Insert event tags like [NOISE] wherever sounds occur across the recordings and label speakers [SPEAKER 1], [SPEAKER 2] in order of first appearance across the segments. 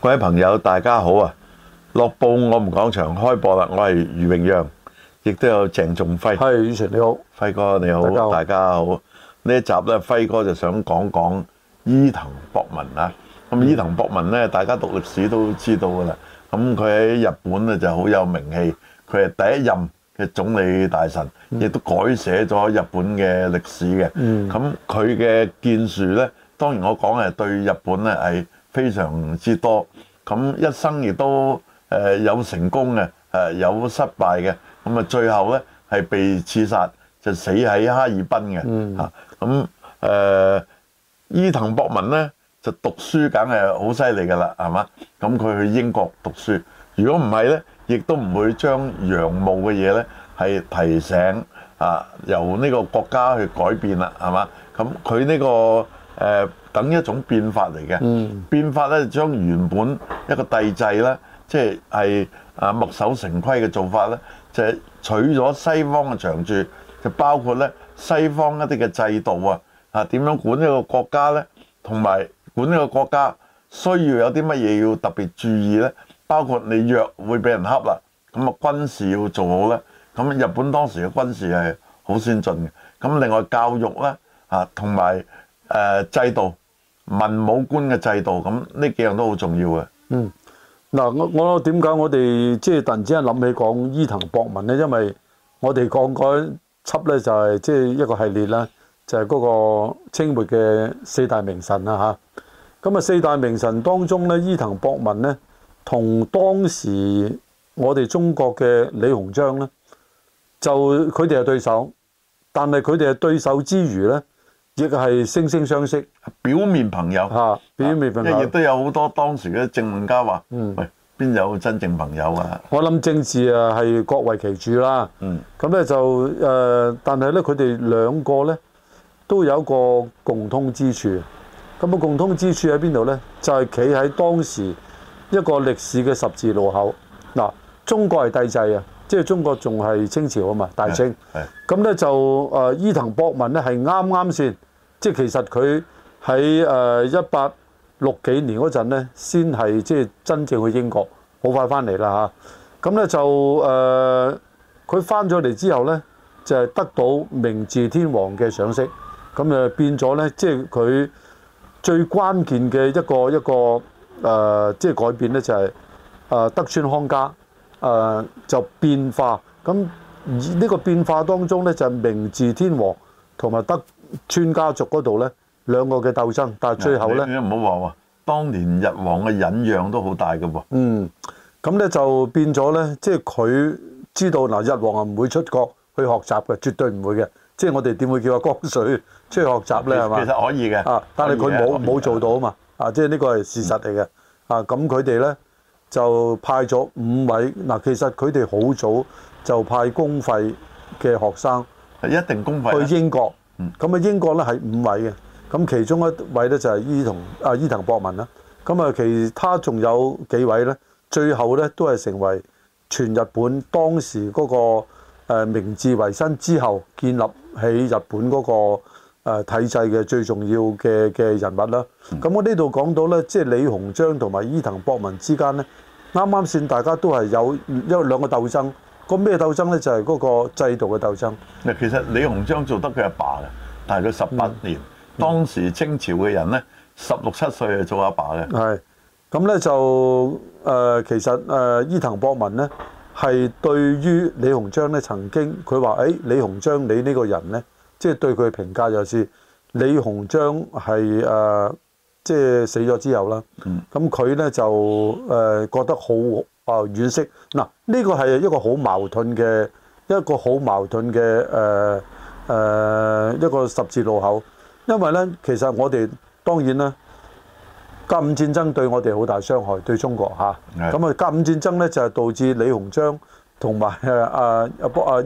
[SPEAKER 1] 各位朋友，大家好啊！樂報我們講場開播啦，我係余榮讓，亦都有鄭仲輝。係宇成你好，輝哥你好，大家好。呢一集咧，輝哥就想講講伊藤博文啊。咁伊藤博文咧、嗯，大家讀歷史都知道噶啦。咁佢喺日本咧就好有名氣，佢係第一任嘅總理大臣，亦、嗯、都改寫咗日本嘅歷史嘅。咁佢嘅建樹咧，當然我講係對日本咧係。非常之多，咁一生亦都誒有成功嘅，誒有失敗嘅，咁啊最後呢，係被刺殺，就死喺哈爾濱嘅。嚇、嗯、咁、呃、伊藤博文呢，就讀書梗係好犀利㗎啦，係嘛？咁佢去英國讀書，如果唔係呢，亦都唔會將洋務嘅嘢呢，係提醒啊由呢個國家去改變啦，係嘛？咁佢呢個。誒等一種變法嚟嘅、嗯、變法咧，將原本一個帝制呢，即係係啊墨守成規嘅做法呢，就係、是、取咗西方嘅長處，就包括呢西方一啲嘅制度啊，啊點樣管一個國家呢？同埋管一個國家需要有啲乜嘢要特別注意呢？包括你弱會俾人恰啦，咁啊軍事要做好呢。咁日本當時嘅軍事係好先進嘅，咁另外教育呢，啊同埋。誒，制度、
[SPEAKER 2] 文武官嘅制度，咁呢幾樣都好重要嘅。嗯，嗱，我我點解我哋即係突然之間諗起講伊藤博文呢？因為我哋講嗰輯呢，就係即係一個系列啦，就係嗰個清末嘅四大名臣啦吓。咁啊，四大名臣當中呢，伊藤博文呢，同當時我哋中國嘅李鴻章呢，就佢哋係對手，但係佢哋係對手之餘呢。亦係惺惺相惜，表面
[SPEAKER 1] 朋友，啊、表面朋友，亦、啊、都有好多當時嘅政論家話、嗯，喂，邊有真正朋友啊？
[SPEAKER 2] 嗯、我諗政治啊，係各為其主啦、啊。咁、嗯、咧就誒、呃，但係咧佢哋兩個咧都有一個共通之處。咁啊，共通之處喺邊度咧？就係企喺當時一個歷史嘅十字路口。嗱、啊，中國係帝制啊，即、就、係、是、中國仲係清朝啊嘛，大清、係。咁咧就誒、啊，伊藤博文咧係啱啱先。即係其實佢喺誒一八六幾年嗰陣咧，先係即係真正去英國，好快翻嚟啦吓，咁咧就誒，佢翻咗嚟之後咧，就係得到明治天皇嘅賞識，咁誒變咗咧，即係佢最關鍵嘅一個一個誒，即係改變咧就係誒德川康家誒就變化。咁呢個變化當中咧就係明治天皇同埋德。專家族嗰度呢兩個嘅鬥爭，但係最後咧，
[SPEAKER 1] 唔好話喎。
[SPEAKER 2] 當年日皇嘅忍讓都好大嘅喎。嗯，咁呢就變咗呢，即係佢知道嗱，日皇啊唔會出國去學習嘅，絕對唔會嘅。即係我哋點會叫阿江水出去學習呢？係嘛，其實可以
[SPEAKER 1] 嘅，但係佢冇冇做
[SPEAKER 2] 到啊嘛。啊，即係呢個係事實嚟嘅。嗯。啊，咁佢哋呢，就派咗五位嗱，其實佢哋好早就派公費嘅學生，係一定公費去英國。咁啊英國咧係五位嘅，咁其中一位咧就係伊藤啊伊藤博文啦，咁啊其他仲有幾位咧，最後咧都係成為全日本當時嗰個誒明治維新之後建立起日本嗰個誒體制嘅最重要嘅嘅人物啦。咁我呢度講到咧，即係李鴻章同埋伊藤博文之間咧，啱啱先大家都係有因為兩個鬥爭。個咩鬥爭咧？就係、是、嗰個制度嘅鬥爭。嗱，其
[SPEAKER 1] 實李鴻章做得佢阿爸嘅，但係佢十八年、嗯嗯，當時清朝嘅人咧，十六七歲做就做阿爸
[SPEAKER 2] 嘅係，咁咧就其實、呃、伊藤博文咧係對於李鴻章咧曾經佢話：誒、哎，李鴻章你呢個人咧，即、就、係、是、對佢嘅評價就是李鴻章係即係死咗之後啦。咁佢咧就誒、呃、覺得好。哦，遠識嗱，呢個係一個好矛盾嘅一個好矛盾嘅、呃呃、一個十字路口，因為咧，其實我哋當然啦，甲午戰爭對我哋好大傷害，對中國嚇。咁啊，甲午戰爭咧就係、是、導致李鴻章同埋阿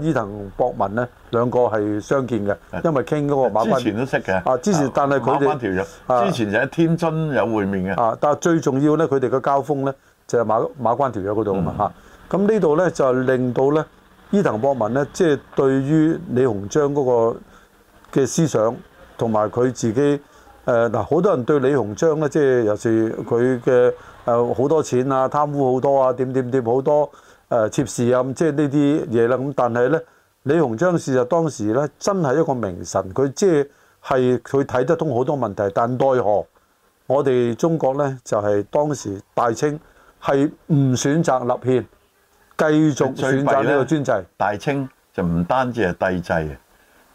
[SPEAKER 2] 伊藤博文咧兩個係相見嘅，因為傾嗰個馬關。之前都識嘅。啊，之前但係佢哋之前就喺天津有會面嘅。啊，但係最重要咧，佢哋嘅交鋒咧。就係、是、馬馬關條約嗰度啊！嚇咁呢度咧，就令到咧，伊藤博文咧，即係對於李鴻章嗰個嘅思想同埋佢自己誒嗱，好多人對李鴻章咧，即係尤其佢嘅誒好多錢啊、貪污好多啊、點點點好多誒妾侍啊，咁即係呢啲嘢啦。咁但係咧，李鴻章事實當時咧真係一個名臣。佢即係係佢睇得通好多問題，但奈何我哋中國咧就係當時大清。係唔選擇立憲，繼續選擇呢個專制？大清就唔單止係帝制啊，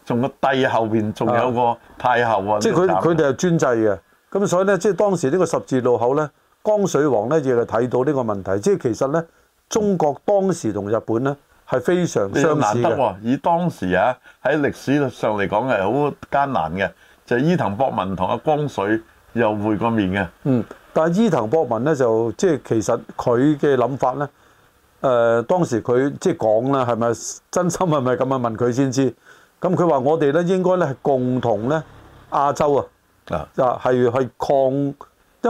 [SPEAKER 1] 仲個帝後邊仲有個太后啊。即係佢佢哋係
[SPEAKER 2] 專制嘅，咁所以呢，即係當時呢個十字路口呢，光緒皇呢，亦係睇到呢個問題。即係其實呢，中國當時同日本呢係非常相似的。難得
[SPEAKER 1] 喎、啊！以當時啊，喺歷史上嚟講係好艱難嘅，就係、是、伊藤博文同阿光緒又
[SPEAKER 2] 會過面嘅。嗯。但伊藤博文咧就即係其實佢嘅諗法咧，誒、呃、當時佢即係講啦，係咪真心係咪咁啊？咁樣問佢先知。咁佢話我哋咧應該咧係共同咧亞洲啊，啊係去抗，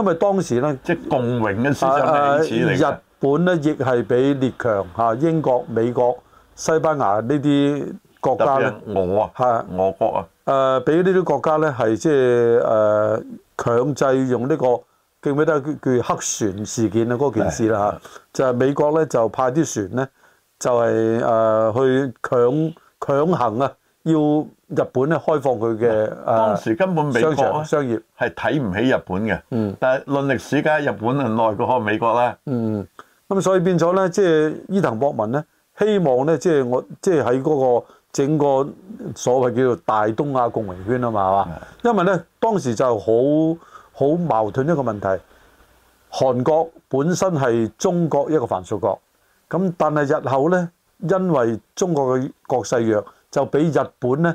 [SPEAKER 2] 因為當時咧即係共榮嘅思想、啊、日本咧亦係俾列強嚇、啊、英國、美國、西班牙呢啲國家咧、啊，我啊嚇俄國啊，誒俾呢啲國家咧係即係誒強制用呢、呢個。記唔記得佢叫黑船事件啊？嗰件事啦嚇，就係、是、美國咧就派啲船咧，就係、是、誒、呃、去強強行啊，要日本咧開放佢嘅。當時根本美國商、商
[SPEAKER 1] 業係睇唔起日本嘅。嗯。但係論歷史家，日本係耐
[SPEAKER 2] 過美國啦。嗯。咁所以變咗咧，即、就、係、是、伊藤博文咧，希望咧，即、就、係、是、我即係喺嗰個整個所謂叫做大東亞共榮圈啊嘛，係嘛？因為咧當時就好。好矛盾一個問題。韓國本身係中國一個藩屬國，咁但係日後呢，因為中國嘅國勢弱，就俾日本呢，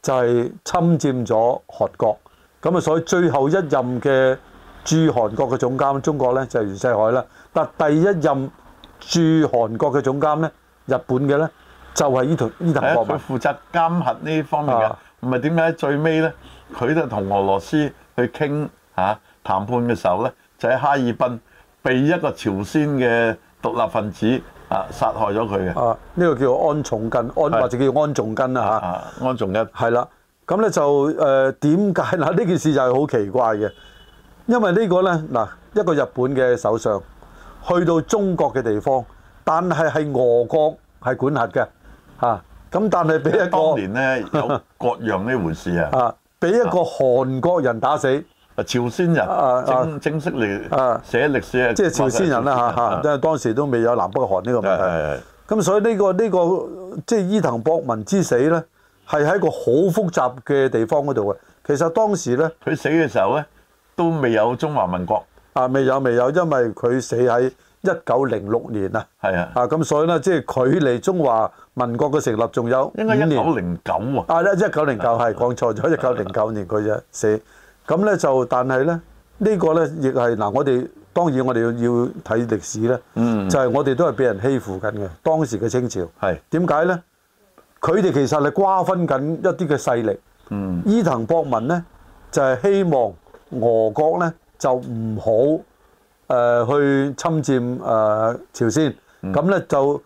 [SPEAKER 2] 就係、是、侵佔咗韓國。咁啊，所以最後一任嘅駐韓國嘅總監，中國呢，就係、是、袁世凱啦。但第一任駐韓國嘅總監呢，日本嘅呢，就係伊藤伊藤佢負責監核
[SPEAKER 1] 呢方面嘅。唔係點解最尾呢，佢就同俄羅斯去傾？嚇！談判嘅時候咧，就喺哈爾濱被一個朝鮮嘅獨立分
[SPEAKER 2] 子啊殺害咗佢嘅。啊，呢、呢個叫做安重根，安、啊、或者叫安重根啦嚇、啊。啊，安重根係啦，咁咧、啊、就誒點解嗱？呃、呢件事就係好奇怪嘅，因為呢個呢個咧嗱，一個日本嘅首相去到中國嘅地方，但係係俄國係管轄嘅嚇，咁、啊、但係俾一個當
[SPEAKER 1] 年咧有各樣呢回事 [LAUGHS] 啊，
[SPEAKER 2] 俾一個韓國人打死。朝鮮人正正式嚟寫，啊啊啊、寫歷史，即係朝鮮人啦、啊、嚇。因為、啊啊啊、當時都未有南北韓呢個問題。咁、啊啊啊、所以呢、這個呢、這個即係、就是、伊藤博文之死咧，係喺個好複雜嘅地方嗰度嘅。其實當時咧，佢死嘅時候咧，都未有中華民國啊，未有未有，因為佢死喺一九零六年啊。係啊啊！咁所以咧，即、就、係、是、距離中華民國嘅成立仲有五年，應該一九零九啊！一九零九係講錯咗，一九零九年佢就死。咁咧就，但係咧呢、這個咧亦係嗱，我哋當然我哋要睇歷史咧、嗯，就係、是、我哋都係俾人欺負緊嘅。當時嘅清朝，係點解咧？佢哋其實係瓜分緊一啲嘅勢力、嗯。伊藤博文咧就係、是、希望俄國咧就唔好誒去侵佔誒、呃、朝鮮，咁、嗯、咧就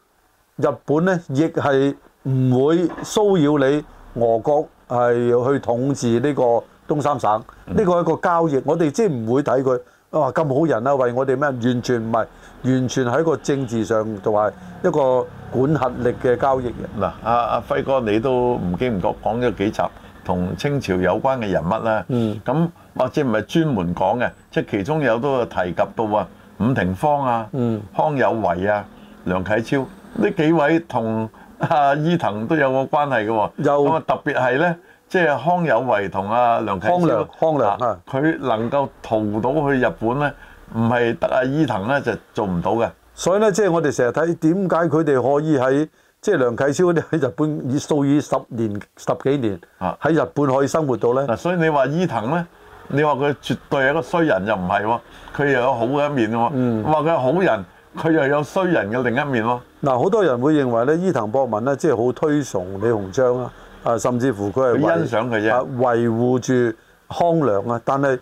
[SPEAKER 2] 日本咧亦係唔會騷擾你俄國係去統治呢、這個，東三省呢個係一個交易，我哋即係唔會睇佢話咁好人啊，為我哋咩，完全唔係，完全係一個政治上同埋一個管轄力嘅交易。嗱，阿阿輝哥，你都唔經唔
[SPEAKER 1] 覺講咗幾集同清朝有關嘅人物啦，咁或者唔係專門講嘅，即係其中有都提及到啊伍廷芳啊、康有為啊、梁啟超呢幾位同阿伊藤都有個關係嘅喎，咁啊特別係咧。即係康有為同阿梁啟超，康良、康良、佢、啊、能夠
[SPEAKER 2] 逃到去日本咧，唔係得阿伊藤咧就做唔到嘅。所以咧，即、就、係、是、我哋成日睇點解佢哋可以喺即係梁啟超嗰啲喺日本已數以十年十幾年喺、啊、日本可以生活到咧。嗱、啊，所以你話伊藤咧，你話佢絕對係一個衰人又唔係喎，佢又有好嘅一面喎、啊。話佢係好人，佢又有衰人嘅另一面喎、啊。嗱、啊，好多人會認為咧，伊藤博文咧即係好推崇李鴻章啊。啊，甚至乎佢係維，欣賞佢啫。啊，維護住康梁啊，但係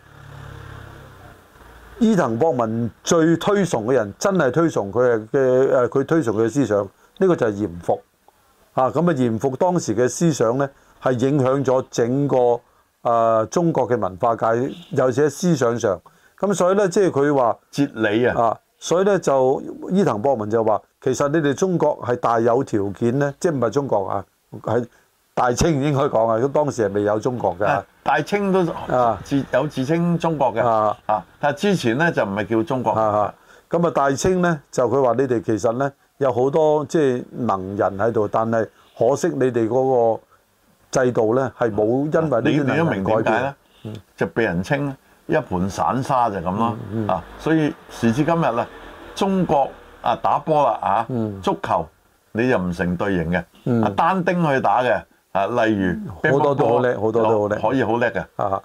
[SPEAKER 2] 伊藤博文最推崇嘅人，真係推崇佢嘅誒，佢推崇佢嘅思想。呢個就係嚴復啊，咁啊嚴復當時嘅思想呢，係影響咗整個誒、啊、中國嘅文化界，尤其係思想上。咁所以呢，即係佢話哲理啊，啊，所以呢，就伊藤博文就話，其實你哋中國係大有條件呢，即係唔係中國啊，係。大清應該講啊，佢當時係未有中國嘅。
[SPEAKER 1] 大清都自有自稱中國嘅啊，啊
[SPEAKER 2] 但係之前咧就唔係叫中國嘅。咁啊，大清咧就佢話你哋其實咧有好多即係、就是、能人喺度，但係可惜你哋嗰個制度咧係冇因為呢啲原因改變咧，
[SPEAKER 1] 就被人稱一盤散沙就咁咯啊！所以時至今日啦，中國啊打波啦啊，足球你就唔成隊形嘅，啊、嗯、單丁去打嘅。啊，例如好多都好叻，好多都好叻，係可以好叻
[SPEAKER 2] 嘅。啊，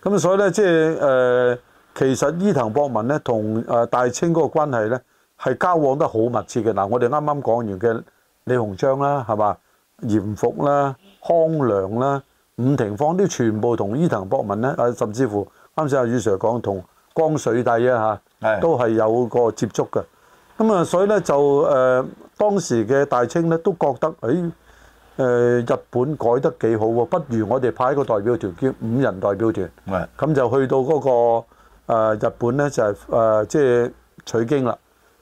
[SPEAKER 2] 咁所以咧，即係誒、呃，其實伊藤博文咧，同誒大清嗰個關係咧，係交往得好密切嘅。嗱、啊，我哋啱啱講完嘅李鴻章啦，係嘛？嚴復啦，康梁啦，伍廷芳都全部同伊藤博文咧，啊，甚至乎啱先阿宇 sir 講，同光緒帝啊嚇、啊，都係有個接觸嘅。咁啊，所以咧就誒、呃，當時嘅大清咧都覺得，誒、欸。誒日本改得幾好喎？不如我哋派一個代表團，叫五人代表團。咁就去到嗰個誒日本咧，就係誒即係取經啦。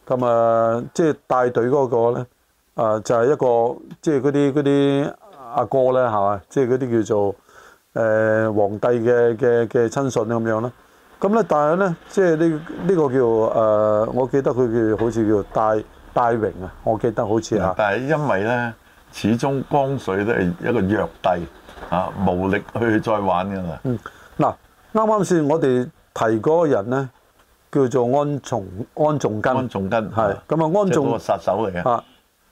[SPEAKER 2] 咁啊，即係帶隊嗰個咧，啊就係一個即係嗰啲嗰啲阿哥咧，係嘛，即係嗰啲叫做誒皇帝嘅嘅嘅親信咁樣啦。咁咧，但係咧，即係呢呢個叫誒，我記得佢叫好似叫戴戴榮啊，我記得好似嚇。
[SPEAKER 1] 但係因為咧。始終江水都係一個弱帝，
[SPEAKER 2] 嚇、啊、無力去再玩噶啦。嗯，嗱啱啱先我哋提嗰個人咧，叫做安重安重根。安重根係咁啊、嗯！安重即係嗰個殺手嚟嘅。啊，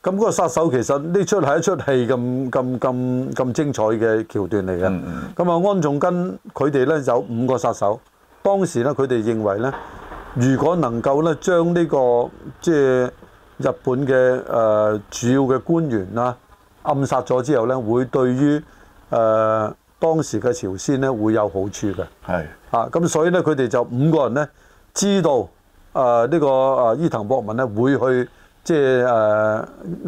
[SPEAKER 2] 咁、那、嗰個殺手其實呢出係一出戲咁咁咁咁精彩嘅橋段嚟嘅。咁、嗯、啊，嗯、安重根佢哋咧有五個殺手，當時咧佢哋認為咧，如果能夠咧將呢、呢個即係日本嘅誒、呃、主要嘅官員啦。暗殺咗之後咧，會對於誒、呃、當時嘅朝鮮咧會有好處嘅。係啊，咁所以咧佢哋就五個人咧知道誒呢、呃呢個誒伊藤博文咧會去即係誒呢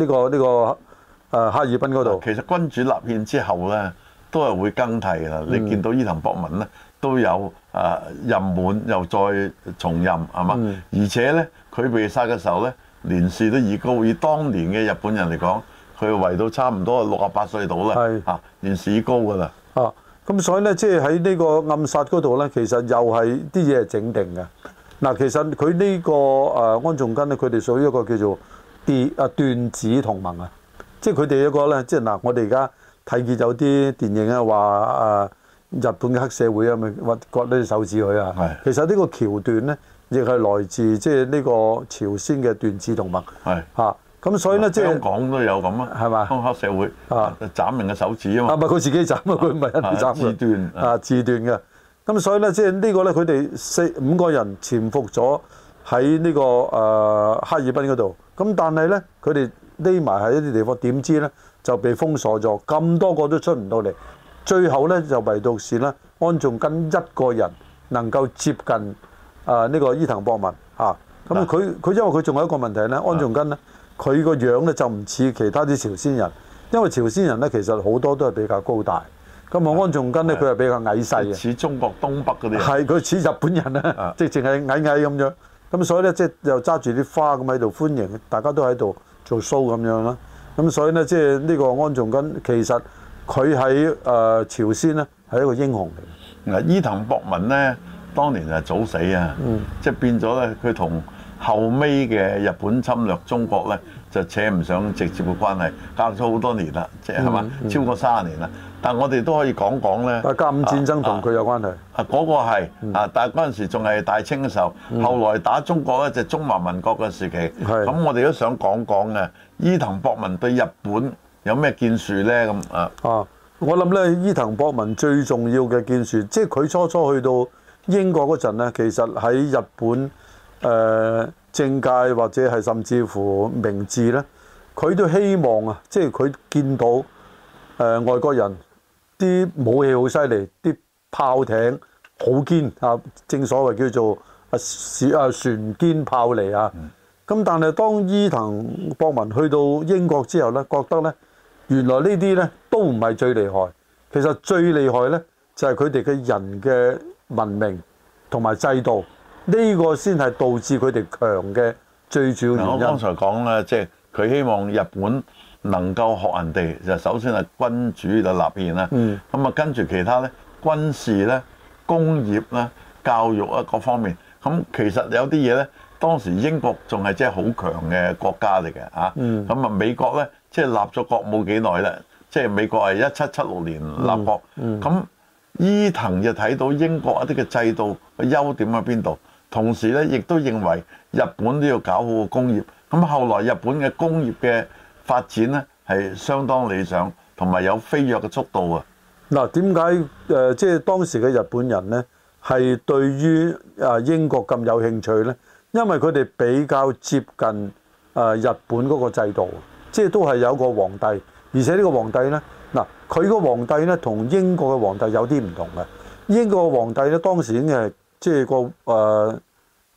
[SPEAKER 2] 個呢、呢個誒、呃、哈爾濱嗰度。其實君主立憲之後咧
[SPEAKER 1] 都係會更替嘅。嗯、你見到伊藤博文咧都有誒、呃、任滿又再重任係嘛？嗯、而且咧佢被殺嘅時候咧年事都已高，以當年嘅日本人嚟講。佢圍到差唔多六十八歲到啦，嚇年事
[SPEAKER 2] 高噶啦。啊，咁、啊、所以咧，即係喺呢個暗殺嗰度咧，其實又係啲嘢係整定嘅。嗱、啊，其實佢呢、呢個誒、啊、安重根咧，佢哋屬於一個叫做跌啊斷指同盟啊，即係佢哋一個咧，即係嗱、啊，我哋而家睇見有啲電影啊，話誒日本嘅黑社會啊，咪割呢隻手指佢啊。係。其實個呢個橋段咧，亦係來自即係呢個朝鮮嘅斷指同盟。係、啊。嚇。
[SPEAKER 1] 咁所以咧，即係香港都有咁啊，係嘛？黑社會啊，斬人嘅手指啊嘛！係咪佢自
[SPEAKER 2] 己斬啊？佢唔係人斬。啊，自斷啊，自斷嘅。咁所以咧，即係呢個咧，佢哋四五個人潛伏咗喺呢個誒哈爾濱嗰度。咁但係咧，佢哋匿埋喺一啲地方，點知咧就被封鎖咗，咁多個都出唔到嚟。最後咧就唯獨是咧，安重根一個人能夠接近啊呢個伊藤博文嚇。咁佢佢因為佢仲有一個問題咧，安重根咧。佢個樣咧就唔似其他啲朝鮮人，因為朝鮮人咧其實好多都係比較高大。咁啊，安重根咧佢係比較矮細嘅，似中國東北嗰啲，係佢似日本人啊，是即係淨係矮矮咁樣。咁所以咧即係又揸住啲花咁喺度歡迎，大家都喺度做 show 咁樣啦。咁所以咧即係呢個安重根其實佢喺誒朝鮮咧係一個英雄嚟。嗱，伊藤博文咧，當年就係早
[SPEAKER 1] 死啊，嗯、即係變咗咧佢同。後尾嘅日本侵略中國呢，就扯唔上直接嘅關係，隔咗好多年啦，即係嘛，超過三十年啦、嗯嗯。但我哋都可以講講呢，甲午戰爭同佢有關係？嗰、啊啊嗰個係、嗯、啊，但嗰陣時仲係大清嘅時候，後來打中國呢，就是、中華民國嘅時期。咁、嗯，我哋都想講講嘅。伊藤博文對日本有咩建樹呢？咁啊？啊，我諗
[SPEAKER 2] 呢，伊藤博文最重要嘅建樹，即係佢初初去到英國嗰陣呢，其實喺日本。誒、呃、政界或者係甚至乎名士呢，呢佢都希望啊，即係佢見到、呃、外國人啲武器好犀利，啲炮艇好堅啊，正所謂叫做啊船啊船堅炮利啊。咁、啊嗯、但係當伊藤博文去到英國之後呢，覺得呢，原來呢啲呢都唔係最厲害，其實最厲害呢，就係佢哋嘅人嘅文明同埋制度，呢個先係導致佢哋強嘅最主要原因。我剛
[SPEAKER 1] 才講啦，即係佢希望日本能夠學人哋，就首先係君主就立憲啦。咁啊，跟住其他咧，軍事咧、工業啦、教育啊各方面。咁其實有啲嘢咧，當時英國仲係即係好強嘅國家嚟嘅啊。咁啊，美國咧即係立咗國冇幾耐啦，即係美國係一七七六年立國，嗯。咁、嗯、伊藤就睇到英國一啲嘅制度嘅優點喺邊度？同時咧，亦都認為日本都要搞好個工業。咁後來日本嘅工業嘅發展呢，係相當理想，同埋有飛躍嘅速度啊，為什
[SPEAKER 2] 麼？嗱，點解誒即係當時嘅日本人呢，係對於啊英國咁有興趣呢？因為佢哋比較接近誒日本嗰個制度，即係都係有個皇帝，而且呢個皇帝呢，嗱佢個皇帝呢，同英國嘅皇帝有啲唔同嘅。英國嘅皇帝呢，當時已經係即、就、係、是、個誒、呃、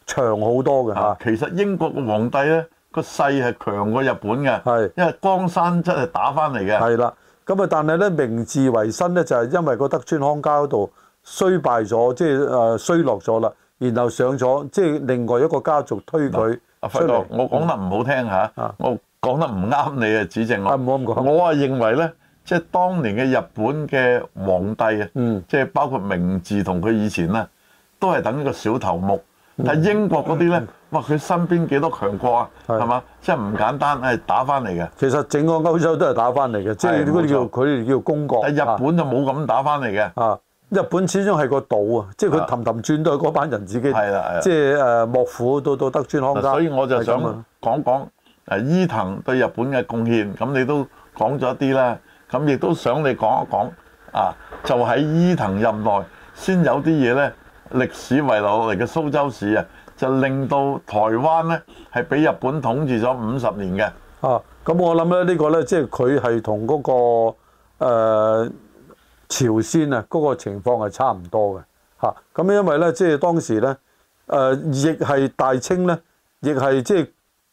[SPEAKER 2] 長好多嘅，其實英國嘅皇帝咧個勢係強過日本嘅，係因為江山真係打翻嚟嘅。係啦，咁啊，但係咧明治維新咧就係、是、因為個德川康家嗰度衰敗咗，即係誒衰落咗啦，然後上咗即係另外一個家族推舉。阿、啊、輝哥，我講得
[SPEAKER 1] 唔好聽吓、嗯，我講得唔啱你啊，指正我。唔好咁講，我啊認為咧，即、就、係、是、當年嘅日本嘅皇帝啊，即、嗯、係、就是、包括明治同佢以前啊。都係等呢個小頭目，但英國嗰啲咧，哇、嗯、佢、嗯、身邊幾多強國啊，係嘛，即係唔簡單，
[SPEAKER 2] 係打翻嚟嘅。其實整個歐洲都係打翻嚟嘅，即係、就是、叫佢哋叫公國。喺日本就冇咁打翻嚟嘅啊！日本始終係個島啊，即係佢氹氹轉都係嗰班人自己啦，即係誒幕府到到德川康家。所以我就想講講誒伊
[SPEAKER 1] 藤對日本嘅貢獻，咁你都講咗一啲啦，咁亦都想你講一講啊，就喺伊藤任內先有啲嘢咧。歷史遺留落嚟嘅蘇州市啊，就令到台灣咧係俾日本統治咗五十年嘅，
[SPEAKER 2] 啊就是那個呃。啊，咁我諗咧呢個咧，即係佢係同嗰個誒朝鮮啊嗰個情況係差唔多嘅。嚇，咁因為咧即係當時咧誒，亦、呃、係大清咧，亦係即係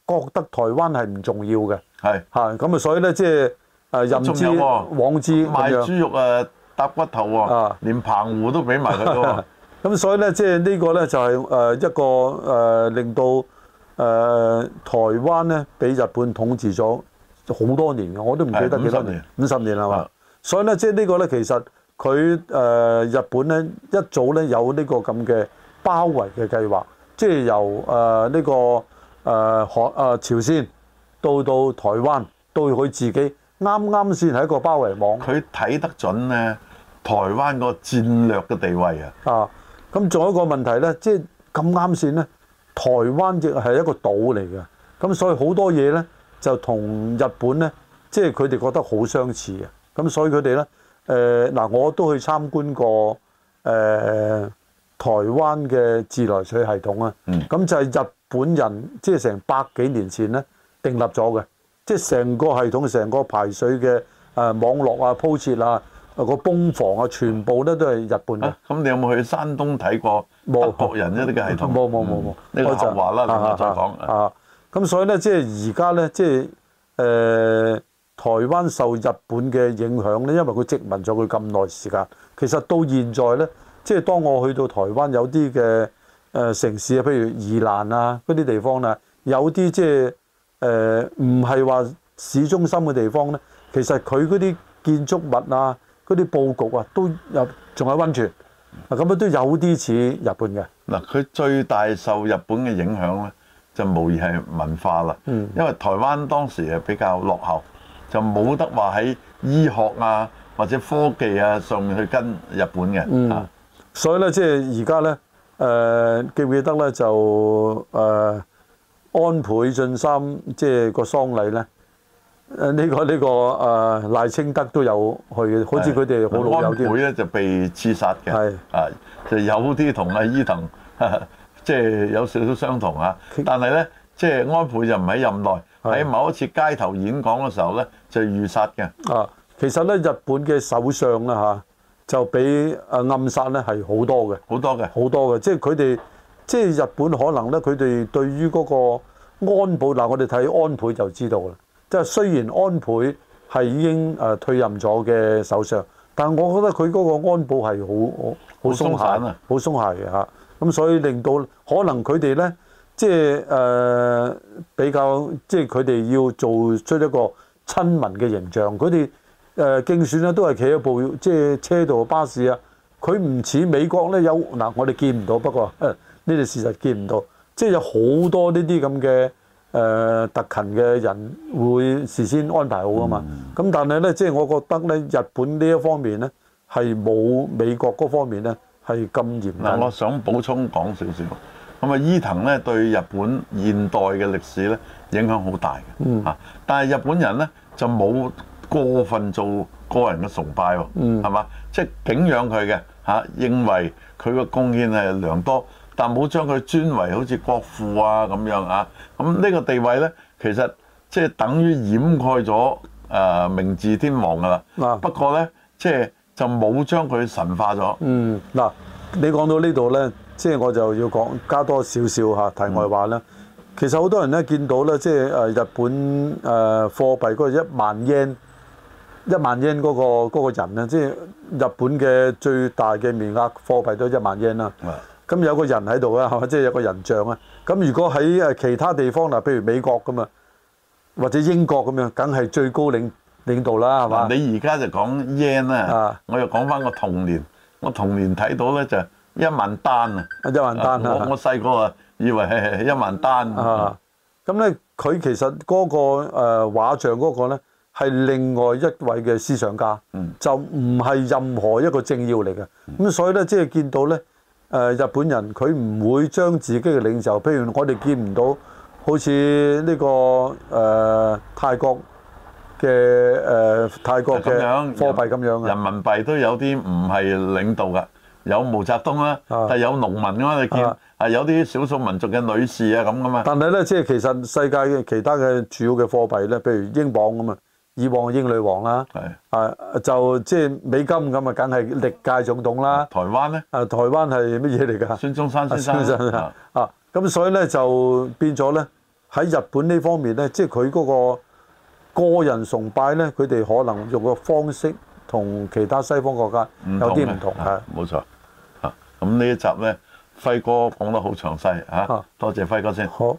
[SPEAKER 2] 覺得台灣係唔重要嘅。係嚇，咁啊，所以咧即係誒任之往之賣豬肉啊，搭骨頭喎、哦啊，連澎湖都俾埋佢喎。咁所以咧，即係呢個咧就係誒一個誒令到誒台灣咧，俾日本統治咗好多年嘅，我都唔記得幾多年。五十年係嘛？所以咧，即係呢個咧，其實佢誒日本咧一早咧有呢個咁嘅包圍嘅計劃，即係由誒呢個誒韓誒朝鮮到到台灣到佢自己啱啱先係一個包圍網。佢睇得準咧，台灣個戰略嘅地位啊！啊！咁仲有一個問題呢，即係咁啱先呢，台灣亦係一個島嚟嘅，咁所以好多嘢呢，就同日本呢，即係佢哋覺得好相似嘅，咁所以佢哋呢，誒嗱我都去參觀過誒、呃、台灣嘅自來水系統啊，咁就係日本人即係成百幾年前呢，訂立咗嘅，即係成個系統、成個排水嘅誒網絡啊、鋪設啊。個崩房啊，全部咧都係日本嘅。
[SPEAKER 1] 咁你有冇去山東睇過？莫國人啫，呢個
[SPEAKER 2] 係冇冇冇冇呢個謠話啦，咁啊再講。 [MUSIC] 是啊，是啊，是啊，咁所以咧，即係而家咧，即係誒台灣受日本嘅影響咧，因為佢殖民咗佢咁耐時間。其實到現在咧，即係當我去到台灣有啲嘅誒城市啊，譬如宜蘭啊嗰啲地方啦，有啲即係誒唔係話市中心嘅地方咧，其實佢嗰啲建築物啊～嗰啲佈局啊，都有仲有溫泉，嗱咁樣都有啲似日本嘅。嗱，佢
[SPEAKER 1] 最大受日本嘅影響咧，就無疑係文化啦。嗯，因為台灣當時係比較落後，就冇得話喺醫學啊或者科技啊上面去跟日本嘅。嗯，
[SPEAKER 2] 所以咧，即係而家咧，誒、就是呃、記唔記得咧就誒、呃、安倍晉三即係、就是、個喪禮咧？誒、這、呢個呢、這個誒賴清德都有去嘅，好似佢哋好老友啲。安倍咧
[SPEAKER 1] 就被刺殺嘅，係就有啲同阿伊藤，即 [LAUGHS] 係有少少相同啊。但係咧，即、就、係、是、安倍就唔喺任內，喺某一次街頭演講嘅時候咧，就遇殺嘅。
[SPEAKER 2] 啊，其實咧，日本嘅首相啦嚇，就畀誒暗殺咧係好多嘅，好多嘅，好多嘅。即係佢哋，即係日本可能咧，佢哋對於嗰個安保嗱，我哋睇安倍就知道啦。即係雖然安倍係已經誒退任咗嘅首相，但係我覺得佢嗰個安保係好好好鬆懈啊，好鬆懈嘅。嚇，咁所以令到可能佢哋咧，即係誒、呃、比較，即係佢哋要做出一個親民嘅形象。佢哋誒競選咧都係企喺部即係車度巴士啊，佢唔似美國咧有嗱，我哋見唔到，不過呢啲事實見唔到，即係有好多呢啲咁嘅。誒、呃、特勤嘅人會事先安排好噶嘛？咁、嗯、但係咧，即、就、係、是、我覺得咧，日本呢一方面咧係冇美國嗰方面咧係咁嚴格、嗯。我想補充講少少。
[SPEAKER 1] 咁啊，伊藤咧對日本現代嘅歷史咧影響好大嘅。嗯。嚇、啊，但係日本人咧就冇過分做個人嘅崇拜喎、啊。嗯。係嘛？即係敬仰佢嘅嚇，認為佢個貢獻係良多。但冇將佢尊為好似國父啊咁樣啊，咁呢個地位呢，其實即係等於掩蓋咗誒明治天王」㗎啦。不過呢，即係
[SPEAKER 2] 就冇將佢神化咗。嗯，嗯，嗱，你講到呢度呢，即、就、係、是、我就要講加多少少嚇題外話啦。其實好多人呢，見到呢，即係日本誒貨幣嗰、那個一萬英，一萬英 e n 嗰個嗰個人呢，即、就、係、是、日本嘅最大嘅面額貨幣都一萬英啦。咁有個人喺度啦，係嘛？即係有個人像啊！咁如果喺誒其他地方嗱，譬如美國咁啊，或者英國咁樣，梗係最高領領導啦，係嘛？你而家就講 yen 啊，我
[SPEAKER 1] 又講翻個童年。我童年睇到咧就一萬單啊！一萬單啊！我細個啊，以為係一萬單。啊！
[SPEAKER 2] 咁咧，佢其實嗰個畫像嗰個咧，係另外一位嘅思想家，就唔係任何一個政要嚟嘅。咁，嗯，所以咧，即係見到咧。誒日本人佢唔會將自己嘅領袖，譬如我哋見唔到，好似呢、這個誒、呃、泰國嘅誒、呃、泰國咁樣貨幣咁樣，啊樣人，人民幣都
[SPEAKER 1] 有啲唔係領導嘅，有毛澤東啦、啊，係、啊、有農民噶、啊、嘛，你見係、啊、有
[SPEAKER 2] 啲少數民族嘅女士啊咁噶嘛。但係咧，即係其實世界嘅其他嘅主要嘅貨幣咧，譬如英鎊咁啊。以往英女王啦，係啊，就即係美金咁啊，梗係歷屆總統啦。台灣咧，啊，台灣係乜嘢嚟㗎？孫中山先生啊，啊，咁、啊啊啊、所以咧就變咗咧喺日本呢方面咧，即係佢嗰個個人崇拜咧，佢哋可能用嘅方式同其他西方國家有啲唔同，唔同啊。
[SPEAKER 1] 冇錯啊，咁呢一集咧，輝哥講得好詳細啊，啊多謝輝哥先。好。